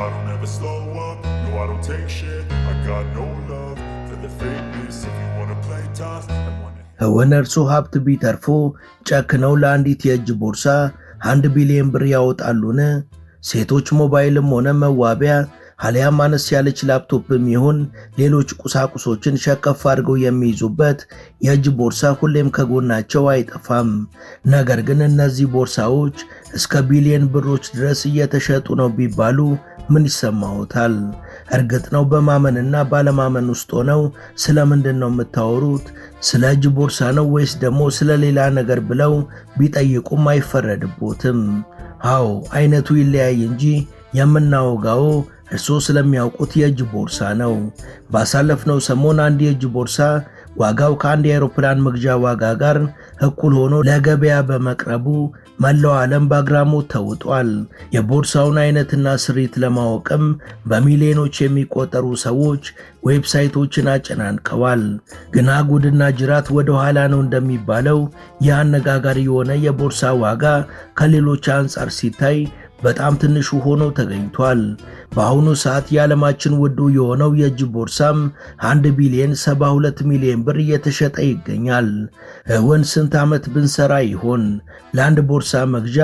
I don't ever slow up, no I don't take shit I got no love for the fakeness If you wanna play tough ከወነርሱ ሀብት ቢተርፎ ጨክነው ለአንዲት የእጅ ቦርሳ አንድ ቢሊዮን ብር ያወጣሉን? ሴቶች ሞባይልም ሆነ መዋቢያ አሊያም አነስ ያለች ላፕቶፕም ይሁን ሌሎች ቁሳቁሶችን ሸከፍ አድርገው የሚይዙበት የእጅ ቦርሳ ሁሌም ከጎናቸው አይጠፋም። ነገር ግን እነዚህ ቦርሳዎች እስከ ቢሊየን ብሮች ድረስ እየተሸጡ ነው ቢባሉ ምን ይሰማዎታል? እርግጥ ነው በማመንና ባለማመን ውስጥ ሆነው ስለምንድን ነው የምታወሩት? ስለ እጅ ቦርሳ ነው ወይስ ደግሞ ስለ ሌላ ነገር ብለው ቢጠይቁም አይፈረድቦትም። አዎ አይነቱ ይለያይ እንጂ የምናወጋው እርሶ ስለሚያውቁት የእጅ ቦርሳ ነው። ባሳለፍነው ሰሞን አንድ የእጅ ቦርሳ ዋጋው ከአንድ የአውሮፕላን መግዣ ዋጋ ጋር እኩል ሆኖ ለገበያ በመቅረቡ መላው ዓለም በአግራሞት ተውጧል። የቦርሳውን አይነትና ስሪት ለማወቅም በሚሊዮኖች የሚቆጠሩ ሰዎች ዌብሳይቶችን አጨናንቀዋል። ግና ጉድና ጅራት ወደ ኋላ ነው እንደሚባለው ይህ አነጋጋሪ የሆነ የቦርሳ ዋጋ ከሌሎች አንጻር ሲታይ በጣም ትንሹ ሆኖ ተገኝቷል። በአሁኑ ሰዓት የዓለማችን ውዱ የሆነው የእጅ ቦርሳም 1 ቢሊዮን 72 ሚሊዮን ብር እየተሸጠ ይገኛል። እውን ስንት ዓመት ብንሰራ ይሆን ለአንድ ቦርሳ መግዣ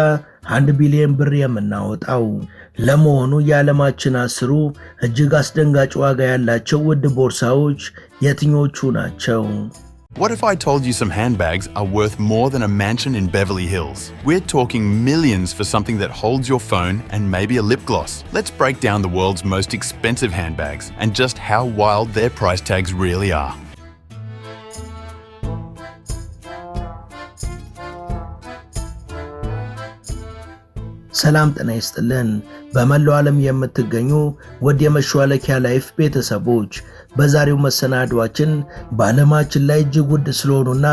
1 ቢሊዮን ብር የምናወጣው? ለመሆኑ የዓለማችን አስሩ እጅግ አስደንጋጭ ዋጋ ያላቸው ውድ ቦርሳዎች የትኞቹ ናቸው? What if I told you some handbags are worth more than a mansion in Beverly Hills? We're talking millions for something that holds your phone and maybe a lip gloss. Let's break down the world's most expensive handbags and just how wild their price tags really are. ሰላም ጤና ይስጥልን። በመላው ዓለም የምትገኙ ውድ የመሿለኪያ ላይፍ ቤተሰቦች በዛሬው መሰናዷችን በዓለማችን ላይ እጅግ ውድ ስለሆኑና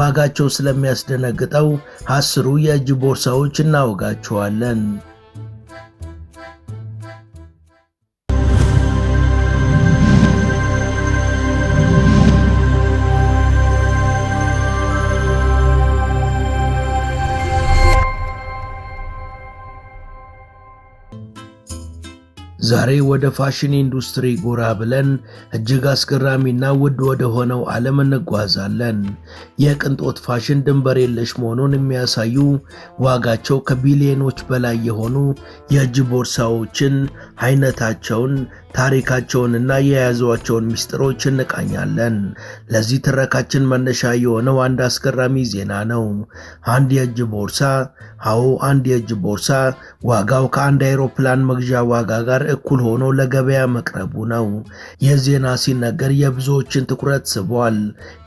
ዋጋቸው ስለሚያስደነግጠው አስሩ የእጅ ቦርሳዎች እናወጋችኋለን። ዛሬ ወደ ፋሽን ኢንዱስትሪ ጎራ ብለን እጅግ አስገራሚና ውድ ወደ ሆነው ዓለም እንጓዛለን። የቅንጦት ፋሽን ድንበር የለሽ መሆኑን የሚያሳዩ ዋጋቸው ከቢሊዮኖች በላይ የሆኑ የእጅ ቦርሳዎችን አይነታቸውን፣ ታሪካቸውንና የያዟቸውን ምስጢሮች እንቃኛለን። ለዚህ ትረካችን መነሻ የሆነው አንድ አስገራሚ ዜና ነው። አንድ የእጅ ቦርሳ አዎ፣ አንድ የእጅ ቦርሳ ዋጋው ከአንድ አይሮፕላን መግዣ ዋጋ ጋር እኩል ሆኖ ለገበያ መቅረቡ ነው። ይህ ዜና ሲነገር የብዙዎችን ትኩረት ስቧል።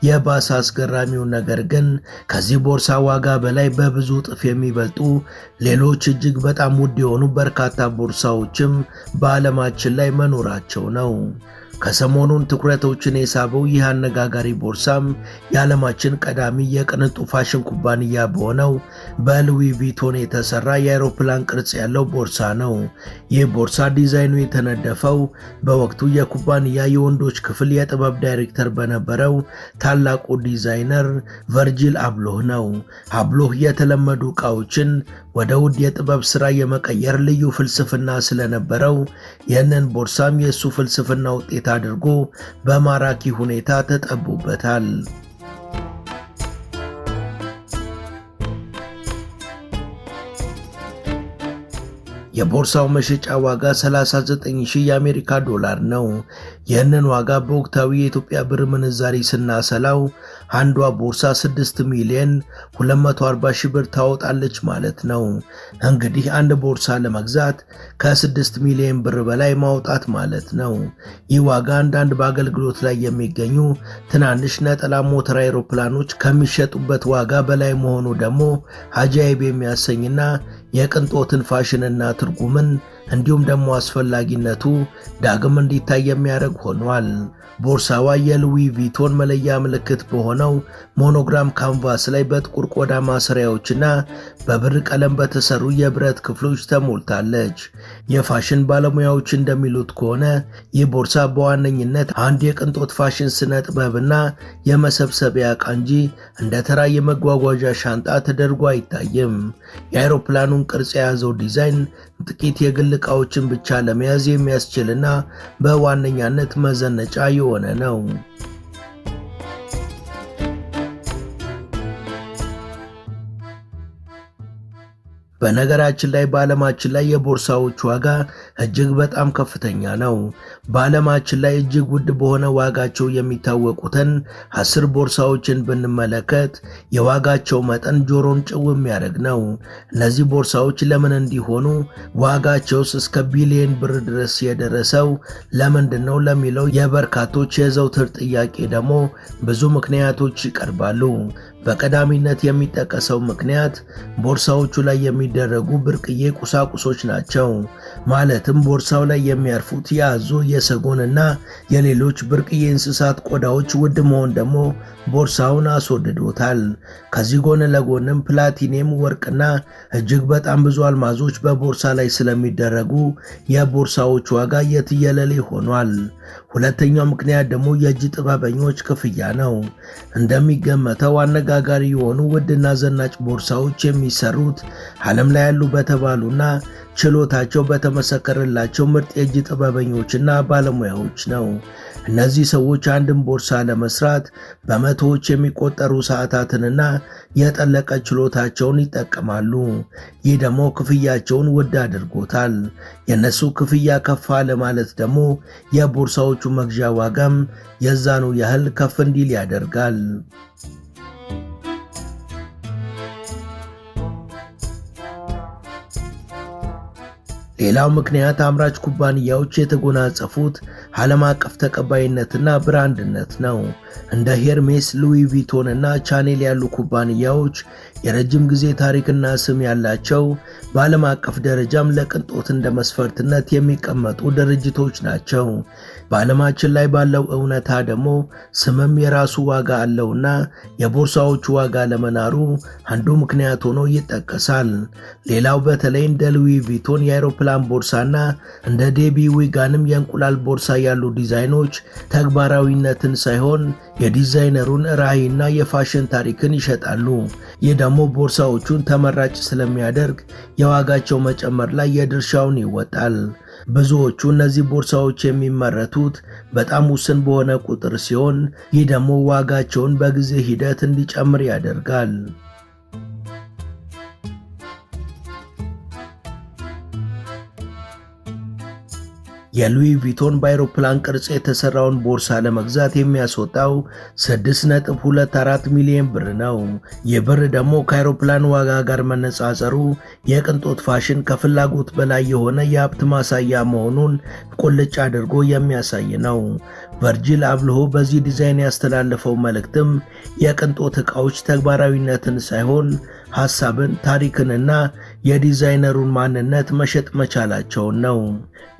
የባሰ አስገራሚው ነገር ግን ከዚህ ቦርሳ ዋጋ በላይ በብዙ እጥፍ የሚበልጡ ሌሎች እጅግ በጣም ውድ የሆኑ በርካታ ቦርሳዎችም በዓለማችን ላይ መኖ መኖራቸው ነው። ከሰሞኑን ትኩረቶችን የሳበው ይህ አነጋጋሪ ቦርሳም የዓለማችን ቀዳሚ የቅንጡ ፋሽን ኩባንያ በሆነው በሉዊ ቪቶን የተሰራ የአይሮፕላን ቅርጽ ያለው ቦርሳ ነው። ይህ ቦርሳ ዲዛይኑ የተነደፈው በወቅቱ የኩባንያ የወንዶች ክፍል የጥበብ ዳይሬክተር በነበረው ታላቁ ዲዛይነር ቨርጂል አብሎህ ነው። አብሎህ የተለመዱ ዕቃዎችን ወደ ውድ የጥበብ ሥራ የመቀየር ልዩ ፍልስፍና ስለነበረው ይህንን ቦርሳም የእሱ ፍልስፍና ውጤት አድርጎ በማራኪ ሁኔታ ተጠቡበታል። የቦርሳው መሸጫ ዋጋ 39000 የአሜሪካ ዶላር ነው። ይህንን ዋጋ በወቅታዊ የኢትዮጵያ ብር ምንዛሪ ስናሰላው አንዷ ቦርሳ 6 ሚሊዮን 240 ሺህ ብር ታወጣለች ማለት ነው። እንግዲህ አንድ ቦርሳ ለመግዛት ከ6 ሚሊዮን ብር በላይ ማውጣት ማለት ነው። ይህ ዋጋ አንዳንድ በአገልግሎት ላይ የሚገኙ ትናንሽ ነጠላ ሞተር አይሮፕላኖች ከሚሸጡበት ዋጋ በላይ መሆኑ ደግሞ አጃይብ የሚያሰኝና የቅንጦትን ፋሽንና ትርጉምን እንዲሁም ደግሞ አስፈላጊነቱ ዳግም እንዲታይ የሚያደርግ ሆኗል። ቦርሳዋ የሉዊ ቪቶን መለያ ምልክት በሆነው ሞኖግራም ካንቫስ ላይ በጥቁር ቆዳ ማሰሪያዎችና በብር ቀለም በተሰሩ የብረት ክፍሎች ተሞልታለች። የፋሽን ባለሙያዎች እንደሚሉት ከሆነ ይህ ቦርሳ በዋነኝነት አንድ የቅንጦት ፋሽን ስነ ጥበብና የመሰብሰቢያ ዕቃ እንጂ እንደ ተራ የመጓጓዣ ሻንጣ ተደርጎ አይታይም። የአይሮፕላኑን ቅርጽ የያዘው ዲዛይን ጥቂት የግል ዕቃዎችን ብቻ ለመያዝ የሚያስችልና በዋነኛነት መዘነጫ የሆነ ነው። በነገራችን ላይ በዓለማችን ላይ የቦርሳዎች ዋጋ እጅግ በጣም ከፍተኛ ነው። በዓለማችን ላይ እጅግ ውድ በሆነ ዋጋቸው የሚታወቁትን አስር ቦርሳዎችን ብንመለከት የዋጋቸው መጠን ጆሮን ጭው የሚያደርግ ነው። እነዚህ ቦርሳዎች ለምን እንዲሆኑ ዋጋቸውስ እስከ ቢሊየን ብር ድረስ የደረሰው ለምንድን ነው ለሚለው የበርካቶች የዘውትር ጥያቄ ደግሞ ብዙ ምክንያቶች ይቀርባሉ። በቀዳሚነት የሚጠቀሰው ምክንያት ቦርሳዎቹ ላይ የሚደረጉ ብርቅዬ ቁሳቁሶች ናቸው። ማለትም ቦርሳው ላይ የሚያርፉት የአዞ የሰጎንና የሌሎች ብርቅዬ እንስሳት ቆዳዎች ውድ መሆን ደግሞ ቦርሳውን አስወድዶታል። ከዚህ ጎን ለጎንም ፕላቲኒየም ወርቅና እጅግ በጣም ብዙ አልማዞች በቦርሳ ላይ ስለሚደረጉ የቦርሳዎች ዋጋ የትየለሌ ሆኗል። ሁለተኛው ምክንያት ደግሞ የእጅ ጥበበኞች ክፍያ ነው። እንደሚገመተው አነጋጋሪ የሆኑ ውድና ዘናጭ ቦርሳዎች የሚሰሩት ዓለም ላይ ያሉ በተባሉና ችሎታቸው በተመሰከረላቸው ምርጥ የእጅ ጥበበኞችና ባለሙያዎች ነው። እነዚህ ሰዎች አንድን ቦርሳ ለመስራት በመቶዎች የሚቆጠሩ ሰዓታትንና የጠለቀ ችሎታቸውን ይጠቀማሉ። ይህ ደግሞ ክፍያቸውን ውድ አድርጎታል። የእነሱ ክፍያ ከፍ አለ ማለት ደግሞ የቦርሳዎቹ መግዣ ዋጋም የዛኑ ያህል ከፍ እንዲል ያደርጋል። ሌላው ምክንያት አምራች ኩባንያዎች የተጎናጸፉት ዓለም አቀፍ ተቀባይነትና ብራንድነት ነው። እንደ ሄርሜስ፣ ሉዊ ቪቶን እና ቻኔል ያሉ ኩባንያዎች የረጅም ጊዜ ታሪክና ስም ያላቸው በዓለም አቀፍ ደረጃም ለቅንጦት እንደ መስፈርትነት የሚቀመጡ ድርጅቶች ናቸው። በዓለማችን ላይ ባለው እውነታ ደግሞ ስምም የራሱ ዋጋ አለውና የቦርሳዎቹ ዋጋ ለመናሩ አንዱ ምክንያት ሆኖ ይጠቀሳል። ሌላው በተለይ እንደ ሉዊ ቪቶን የአይሮፕላን ቦርሳና እንደ ዴቢ ዊጋንም የእንቁላል ቦርሳ ያሉ ዲዛይኖች ተግባራዊነትን ሳይሆን የዲዛይነሩን ራዕይና የፋሽን ታሪክን ይሸጣሉ። ይህ ደግሞ ቦርሳዎቹን ተመራጭ ስለሚያደርግ የዋጋቸው መጨመር ላይ የድርሻውን ይወጣል። ብዙዎቹ እነዚህ ቦርሳዎች የሚመረቱት በጣም ውስን በሆነ ቁጥር ሲሆን፣ ይህ ደግሞ ዋጋቸውን በጊዜ ሂደት እንዲጨምር ያደርጋል። የሉዊ ቪቶን በአይሮፕላን ቅርጽ የተሰራውን ቦርሳ ለመግዛት የሚያስወጣው 6.24 ሚሊዮን ብር ነው። ይህ ብር ደግሞ ከአይሮፕላን ዋጋ ጋር መነጻጸሩ የቅንጦት ፋሽን ከፍላጎት በላይ የሆነ የሀብት ማሳያ መሆኑን ቁልጭ አድርጎ የሚያሳይ ነው። ቨርጂል አብልሆ በዚህ ዲዛይን ያስተላለፈው መልእክትም የቅንጦት ዕቃዎች ተግባራዊነትን ሳይሆን ሐሳብን፣ ታሪክንና የዲዛይነሩን ማንነት መሸጥ መቻላቸውን ነው።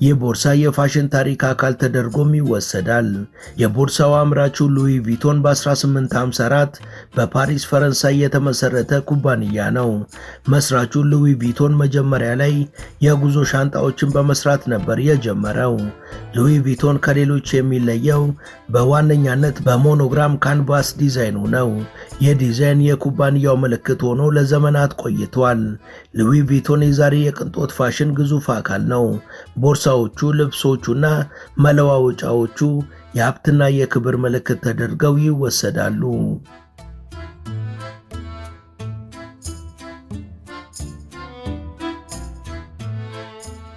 ይህ ቦርሳ የፋሽን ታሪክ አካል ተደርጎም ይወሰዳል። የቦርሳው አምራቹ ሉዊ ቪቶን በ1854 በፓሪስ ፈረንሳይ የተመሰረተ ኩባንያ ነው። መስራቹ ሉዊ ቪቶን መጀመሪያ ላይ የጉዞ ሻንጣዎችን በመስራት ነበር የጀመረው። ሉዊ ቪቶን ከሌሎች የሚለየው በዋነኛነት በሞኖግራም ካንቫስ ዲዛይኑ ነው። ይህ ዲዛይን የኩባንያው ምልክት ሆኖ ለ ለዘመናት ቆይቷል። ሉዊ ቪቶን የዛሬ የቅንጦት ፋሽን ግዙፍ አካል ነው። ቦርሳዎቹ፣ ልብሶቹና መለዋወጫዎቹ የሀብትና የክብር ምልክት ተደርገው ይወሰዳሉ።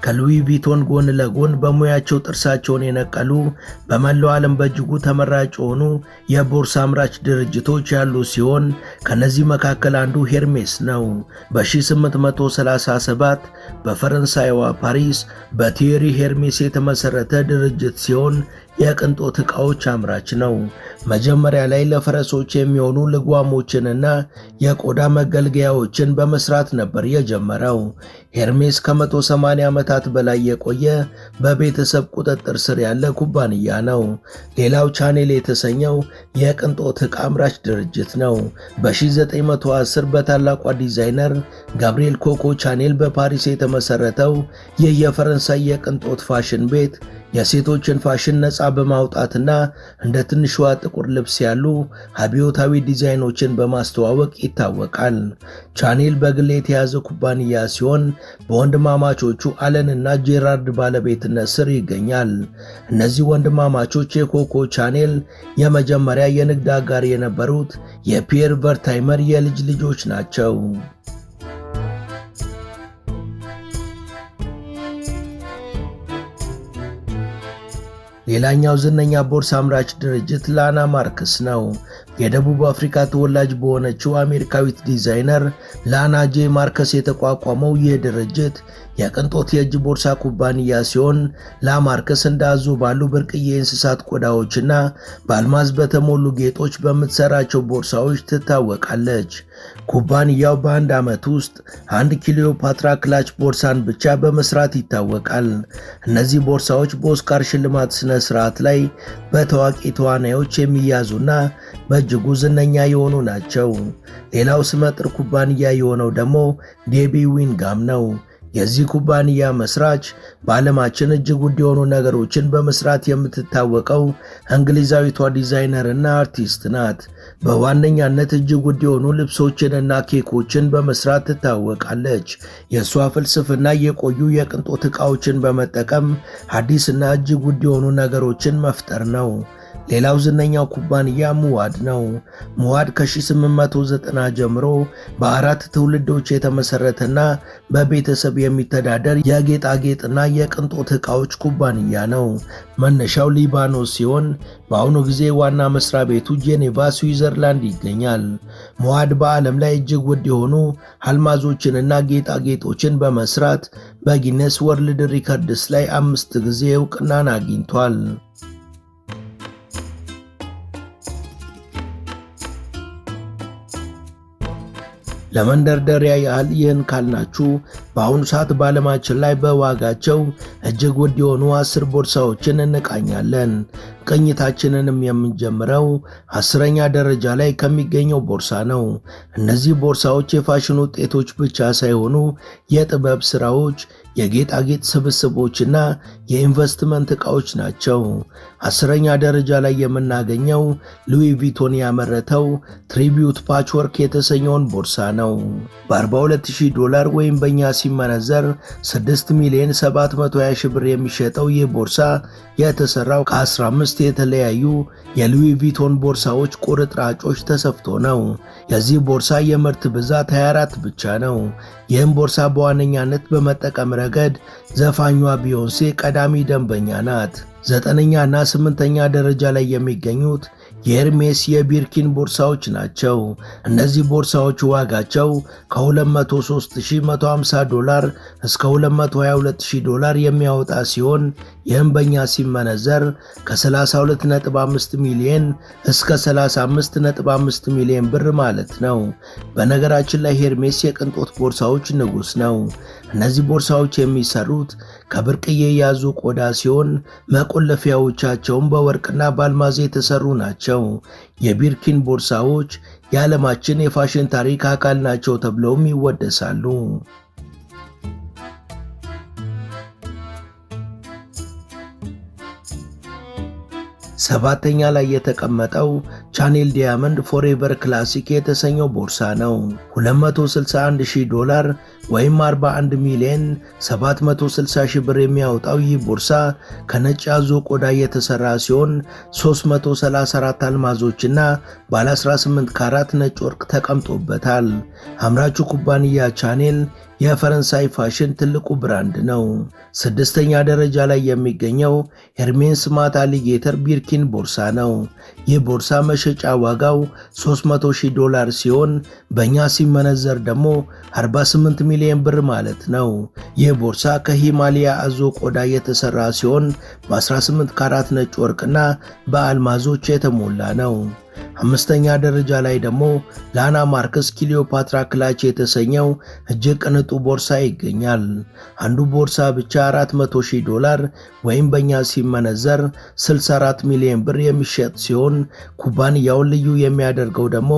ከሉዊ ቪቶን ጎን ለጎን በሙያቸው ጥርሳቸውን የነቀሉ በመላው ዓለም በእጅጉ ተመራጭ የሆኑ የቦርሳ አምራች ድርጅቶች ያሉ ሲሆን ከነዚህ መካከል አንዱ ሄርሜስ ነው። በ1837 በፈረንሳይዋ ፓሪስ በቲዮሪ ሄርሜስ የተመሠረተ ድርጅት ሲሆን የቅንጦት ዕቃዎች አምራች ነው። መጀመሪያ ላይ ለፈረሶች የሚሆኑ ልጓሞችንና የቆዳ መገልገያዎችን በመስራት ነበር የጀመረው። ሄርሜስ ከ180 ዓመታት በላይ የቆየ በቤተሰብ ቁጥጥር ስር ያለ ኩባንያ ነው። ሌላው ቻኔል የተሰኘው የቅንጦት ዕቃ አምራች ድርጅት ነው። በ1910 በታላቋ ዲዛይነር ጋብሪኤል ኮኮ ቻኔል በፓሪስ የተመሠረተው ይህ የፈረንሳይ የቅንጦት ፋሽን ቤት የሴቶችን ፋሽን ነፃ በማውጣትና እንደ ትንሿ ጥቁር ልብስ ያሉ አብዮታዊ ዲዛይኖችን በማስተዋወቅ ይታወቃል። ቻኔል በግል የተያዘ ኩባንያ ሲሆን በወንድማማቾቹ አለንና ጄራርድ ባለቤትነት ስር ይገኛል። እነዚህ ወንድማማቾች የኮኮ ቻኔል የመጀመሪያ የንግድ አጋር የነበሩት የፒየር ቨርታይመር የልጅ ልጆች ናቸው። ሌላኛው ዝነኛ ቦርሳ አምራች ድርጅት ላና ማርክስ ነው። የደቡብ አፍሪካ ተወላጅ በሆነችው አሜሪካዊት ዲዛይነር ላና ጄ ማርከስ የተቋቋመው ይህ ድርጅት የቅንጦት የእጅ ቦርሳ ኩባንያ ሲሆን ላማርከስ እንዳዞ ባሉ ብርቅዬ የእንስሳት ቆዳዎችና በአልማዝ በተሞሉ ጌጦች በምትሰራቸው ቦርሳዎች ትታወቃለች። ኩባንያው በአንድ ዓመት ውስጥ አንድ ኪሊዮፓትራ ክላች ቦርሳን ብቻ በመስራት ይታወቃል። እነዚህ ቦርሳዎች በኦስካር ሽልማት ሥነ ሥርዓት ላይ በታዋቂ ተዋናዮች የሚያዙና በ እጅጉ ዝነኛ የሆኑ ናቸው። ሌላው ስመጥር ኩባንያ የሆነው ደግሞ ዴቢ ዊንጋም ነው። የዚህ ኩባንያ መስራች በዓለማችን እጅግ ውድ የሆኑ ነገሮችን በመስራት የምትታወቀው እንግሊዛዊቷ ዲዛይነር እና አርቲስት ናት። በዋነኛነት እጅግ ውድ የሆኑ ልብሶችንና ኬኮችን በመስራት ትታወቃለች። የእሷ ፍልስፍና የቆዩ የቅንጦት ዕቃዎችን በመጠቀም አዲስና እጅግ ውድ የሆኑ ነገሮችን መፍጠር ነው። ሌላው ዝነኛው ኩባንያ ሙዋድ ነው። ሙዋድ ከ1890 ጀምሮ በአራት ትውልዶች የተመሰረተና በቤተሰብ የሚተዳደር የጌጣጌጥና የቅንጦት ዕቃዎች ኩባንያ ነው። መነሻው ሊባኖስ ሲሆን በአሁኑ ጊዜ ዋና መስሪያ ቤቱ ጄኔቫ ስዊዘርላንድ ይገኛል። ሙዋድ በዓለም ላይ እጅግ ውድ የሆኑ አልማዞችንና ጌጣጌጦችን በመሥራት በጊነስ ወርልድ ሪከርድስ ላይ አምስት ጊዜ ዕውቅናን አግኝቷል። ለመንደርደሪያ ያህል ይህን ካልናችሁ በአሁኑ ሰዓት በዓለማችን ላይ በዋጋቸው እጅግ ውድ የሆኑ አስር ቦርሳዎችን እንቃኛለን። ቅኝታችንንም የምንጀምረው አስረኛ ደረጃ ላይ ከሚገኘው ቦርሳ ነው። እነዚህ ቦርሳዎች የፋሽን ውጤቶች ብቻ ሳይሆኑ የጥበብ ስራዎች፣ የጌጣጌጥ ስብስቦችና የኢንቨስትመንት ዕቃዎች ናቸው። አስረኛ ደረጃ ላይ የምናገኘው ሉዊ ቪቶን ያመረተው ትሪቢዩት ፓችወርክ የተሰኘውን ቦርሳ ነው። በ42000 ዶላር ወይም በእኛ ሲመነዘር 6 ሚሊዮን 720 ሺህ ብር የሚሸጠው ይህ ቦርሳ የተሰራው ከ15 የተለያዩ የሉዊ ቪቶን ቦርሳዎች ቁርጥራጮች ተሰፍቶ ነው። የዚህ ቦርሳ የምርት ብዛት 24 ብቻ ነው። ይህም ቦርሳ በዋነኛነት በመጠቀም ረገድ ዘፋኟ ቢዮንሴ ቀዳ ቀዳሚ ደንበኛ ናት። ዘጠነኛ እና ስምንተኛ ደረጃ ላይ የሚገኙት የኤርሜስ የቢርኪን ቦርሳዎች ናቸው። እነዚህ ቦርሳዎች ዋጋቸው ከ203150 ዶላር እስከ 222000 ዶላር የሚያወጣ ሲሆን ይህም በእኛ ሲመነዘር ከ32.5 ሚሊዮን እስከ 35.5 ሚሊዮን ብር ማለት ነው። በነገራችን ላይ ሄርሜስ የቅንጦት ቦርሳዎች ንጉሥ ነው። እነዚህ ቦርሳዎች የሚሰሩት ከብርቅዬ የያዙ ቆዳ ሲሆን መቆለፊያዎቻቸውም በወርቅና በአልማዝ የተሰሩ ናቸው። የቢርኪን ቦርሳዎች የዓለማችን የፋሽን ታሪክ አካል ናቸው ተብለውም ይወደሳሉ። ሰባተኛ ላይ የተቀመጠው ቻኔል ዲያመንድ ፎሬቨር ክላሲክ የተሰኘው ቦርሳ ነው። 261000 ዶላር ወይም 41 ሚሊዮን 760000 ብር የሚያወጣው ይህ ቦርሳ ከነጭ አዞ ቆዳ የተሰራ ሲሆን 334 አልማዞችና ባለ 18 ካራት ነጭ ወርቅ ተቀምጦበታል። አምራቹ ኩባንያ ቻኔል የፈረንሳይ ፋሽን ትልቁ ብራንድ ነው። ስድስተኛ ደረጃ ላይ የሚገኘው ሄርሜንስ ማት አሊጌተር ቢርኪን ቦርሳ ነው። ይህ ቦርሳ መሸጫ ዋጋው 300,000 ዶላር ሲሆን በእኛ ሲመነዘር ደግሞ 48 ሚሊዮን ብር ማለት ነው። ይህ ቦርሳ ከሂማሊያ አዞ ቆዳ የተሰራ ሲሆን በ18 ካራት ነጭ ወርቅና በአልማዞች የተሞላ ነው። አምስተኛ ደረጃ ላይ ደግሞ ላና ማርክስ ክሊዮፓትራ ክላች የተሰኘው እጅግ ቅንጡ ቦርሳ ይገኛል። አንዱ ቦርሳ ብቻ 400,000 ዶላር ወይም በእኛ ሲመነዘር 64 ሚሊዮን ብር የሚሸጥ ሲሆን ኩባንያውን ልዩ የሚያደርገው ደግሞ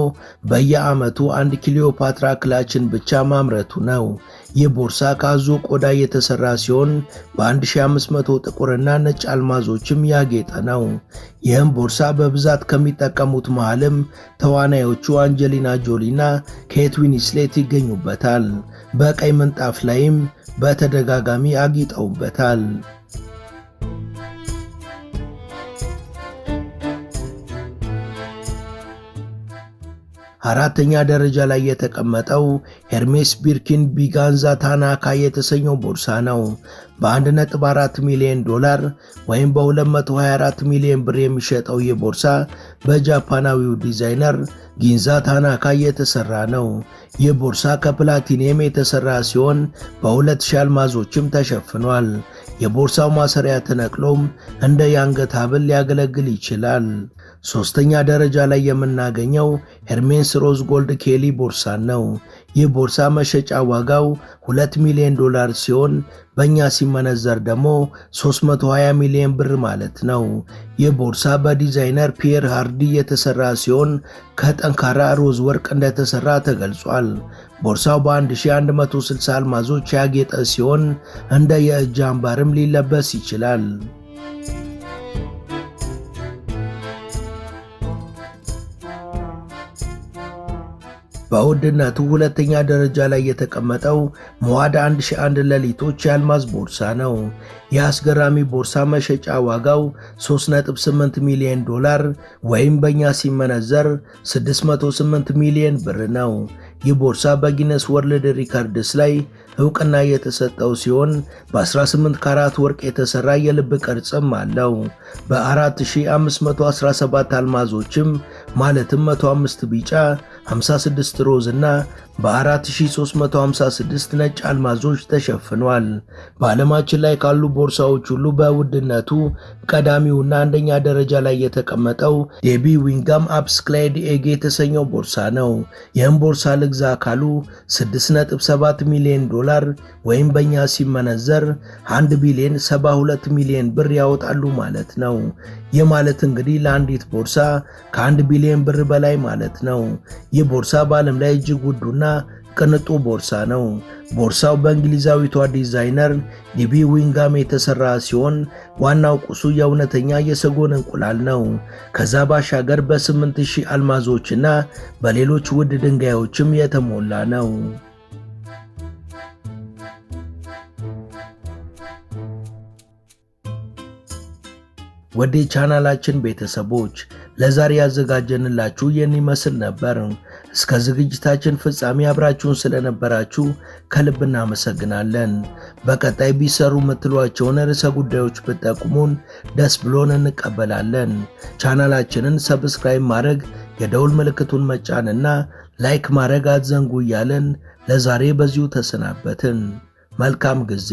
በየዓመቱ አንድ ክሊዮፓትራ ክላችን ብቻ ማምረቱ ነው። ይህ ቦርሳ ከአዞ ቆዳ የተሰራ ሲሆን በ1500 ጥቁርና ነጭ አልማዞችም ያጌጠ ነው። ይህም ቦርሳ በብዛት ከሚጠቀሙት መሃልም ተዋናዮቹ አንጀሊና ጆሊና ኬት ዊንስሌት ይገኙበታል። በቀይ ምንጣፍ ላይም በተደጋጋሚ አጊጠውበታል። አራተኛ ደረጃ ላይ የተቀመጠው ሄርሜስ ቢርኪን ቢጋንዛ ታናካ የተሰኘው ቦርሳ ነው። በ1.4 ሚሊዮን ዶላር ወይም በ224 ሚሊዮን ብር የሚሸጠው ይህ ቦርሳ በጃፓናዊው ዲዛይነር ጊንዛ ታናካ የተሰራ ነው። ይህ ቦርሳ ከፕላቲኒየም የተሰራ ሲሆን በሁለት ሺህ አልማዞችም ተሸፍኗል። የቦርሳው ማሰሪያ ተነቅሎም እንደ የአንገት ሀብል ሊያገለግል ይችላል። ሶስተኛ ደረጃ ላይ የምናገኘው ሄርሜንስ ሮዝ ጎልድ ኬሊ ቦርሳን ነው። የቦርሳ መሸጫ ዋጋው 2 ሚሊዮን ዶላር ሲሆን በእኛ ሲመነዘር ደግሞ 320 ሚሊዮን ብር ማለት ነው። ይህ ቦርሳ በዲዛይነር ፒየር ሃርዲ የተሰራ ሲሆን ከጠንካራ ሮዝ ወርቅ እንደተሰራ ተገልጿል። ቦርሳው በ1160 አልማዞች ያጌጠ ሲሆን እንደ የእጅ አምባርም ሊለበስ ይችላል። በውድነቱ ሁለተኛ ደረጃ ላይ የተቀመጠው መዋዳ 1001 ሌሊቶች የአልማዝ ቦርሳ ነው። የአስገራሚ ቦርሳ መሸጫ ዋጋው 38 ሚሊዮን ዶላር ወይም በእኛ ሲመነዘር 608 ሚሊዮን ብር ነው። ይህ ቦርሳ በጊነስ ወርልድ ሪከርድስ ላይ እውቅና የተሰጠው ሲሆን በ18 ካራት ወርቅ የተሰራ የልብ ቅርጽም አለው። በ4517 አልማዞችም ማለትም 105 ቢጫ፣ 56 ሮዝ እና በ4356 ነጭ አልማዞች ተሸፍኗል። በዓለማችን ላይ ካሉ ቦርሳዎች ሁሉ በውድነቱ ቀዳሚውና አንደኛ ደረጃ ላይ የተቀመጠው ዴቢ ዊንጋም አፕስክላይድ ኤጌ የተሰኘው ቦርሳ ነው። ይህም ቦርሳ ልግዛ ካሉ 6.7 ሚሊዮን ዶ ዶላር ወይም በእኛ ሲመነዘር 1 ቢሊዮን 72 ሚሊዮን ብር ያወጣሉ ማለት ነው። ይህ ማለት እንግዲህ ለአንዲት ቦርሳ ከ1 ቢሊዮን ብር በላይ ማለት ነው። ይህ ቦርሳ በዓለም ላይ እጅግ ውዱና ቅንጡ ቦርሳ ነው። ቦርሳው በእንግሊዛዊቷ ዲዛይነር ዲቢ ዊንጋም የተሰራ ሲሆን ዋናው ቁሱ የእውነተኛ የሰጎን እንቁላል ነው። ከዛ ባሻገር በ8000 አልማዞችና በሌሎች ውድ ድንጋዮችም የተሞላ ነው። ወደ ቻናላችን ቤተሰቦች ለዛሬ ያዘጋጀንላችሁ ይህን ይመስል ነበር። እስከ ዝግጅታችን ፍጻሜ አብራችሁን ስለነበራችሁ ከልብ እናመሰግናለን። በቀጣይ ቢሰሩ የምትሏቸውን ርዕሰ ጉዳዮች ብጠቁሙን ደስ ብሎን እንቀበላለን። ቻናላችንን ሰብስክራይብ ማድረግ፣ የደውል ምልክቱን መጫንና ላይክ ማድረግ አትዘንጉ እያለን ለዛሬ በዚሁ ተሰናበትን። መልካም ጊዜ